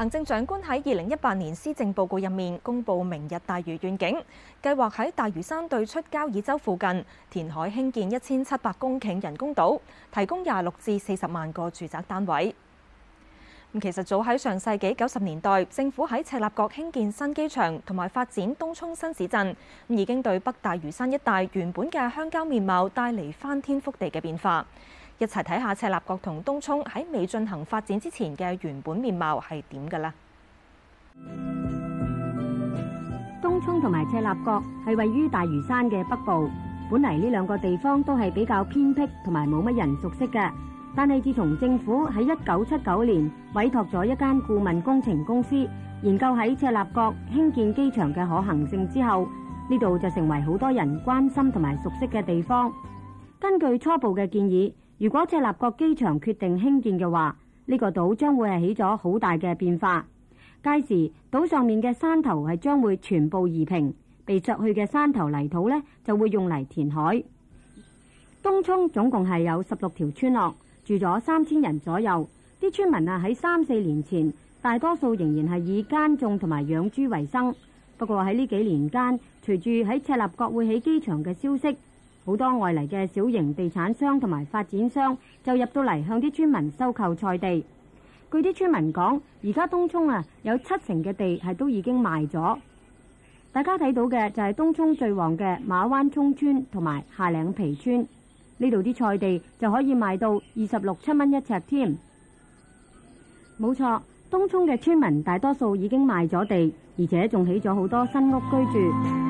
行政長官喺二零一八年施政報告入面公布明日大嶼願景，計劃喺大嶼山對出交椅洲附近填海興建一千七百公頃人工島，提供廿六至四十萬個住宅單位。咁其實早喺上世紀九十年代，政府喺赤鱲角興建新機場同埋發展東涌新市鎮，已經對北大嶼山一帶原本嘅鄉郊面貌帶嚟翻天覆地嘅變化。一齊睇下赤鱲角同東涌喺未進行發展之前嘅原本面貌係點㗎啦！東涌同埋赤鱲角係位於大嶼山嘅北部，本嚟呢兩個地方都係比較偏僻同埋冇乜人熟悉嘅。但係自從政府喺一九七九年委託咗一間顧問工程公司研究喺赤鱲角興建機場嘅可行性之後，呢度就成為好多人關心同埋熟悉嘅地方。根據初步嘅建議，如果赤鱲角機場決定興建嘅話，呢、這個島將會係起咗好大嘅變化。屆時，島上面嘅山頭係將會全部移平，被削去嘅山頭泥土呢就會用嚟填海。東涌總共係有十六條村落，住咗三千人左右。啲村民啊喺三四年前，大多數仍然係以耕種同埋養豬為生。不過喺呢幾年間，隨住喺赤鱲角會起機場嘅消息。好多外嚟嘅小型地產商同埋發展商就入到嚟，向啲村民收購菜地。據啲村民講，而家東涌啊有七成嘅地係都已經賣咗。大家睇到嘅就係東涌最旺嘅馬灣涌村同埋下嶺皮村。呢度啲菜地就可以賣到二十六七蚊一尺添。冇錯，東涌嘅村民大多數已經賣咗地，而且仲起咗好多新屋居住。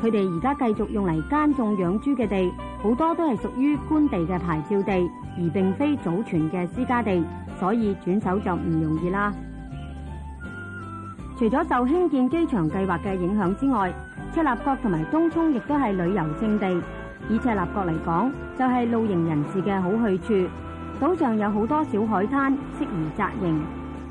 佢哋而家繼續用嚟耕種養豬嘅地，好多都係屬於官地嘅牌照地，而並非祖傳嘅私家地，所以轉手就唔容易啦。除咗受興建機場計劃嘅影響之外，赤鱲角同埋東涌亦都係旅遊勝地。以赤鱲角嚟講，就係、是、露營人士嘅好去處，島上有好多小海灘，適宜紮營，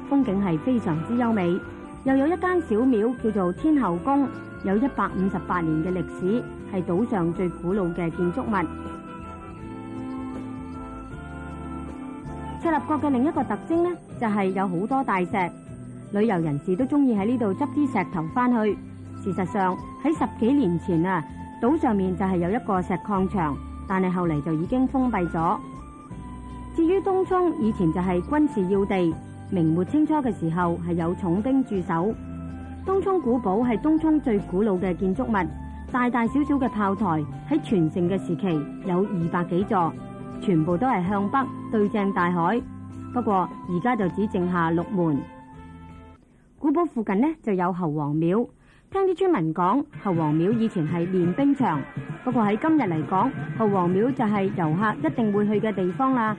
風景係非常之優美。又有一間小廟叫做天后宮，有一百五十八年嘅歷史，係島上最古老嘅建築物。赤鱲角嘅另一個特徵呢，就係、是、有好多大石，旅遊人士都中意喺呢度執啲石頭翻去。事實上喺十幾年前啊，島上面就係有一個石礦場，但係後嚟，就已經封閉咗。至於東涌，以前就係軍事要地。明末清初嘅時候係有重兵駐守，東涌古堡係東涌最古老嘅建築物，大大小小嘅炮台喺全盛嘅時期有二百幾座，全部都係向北對正大海。不過而家就只剩下六門。古堡附近呢，就有侯王廟，聽啲村民講，侯王廟以前係練兵場，不過喺今日嚟講，侯王廟就係遊客一定會去嘅地方啦。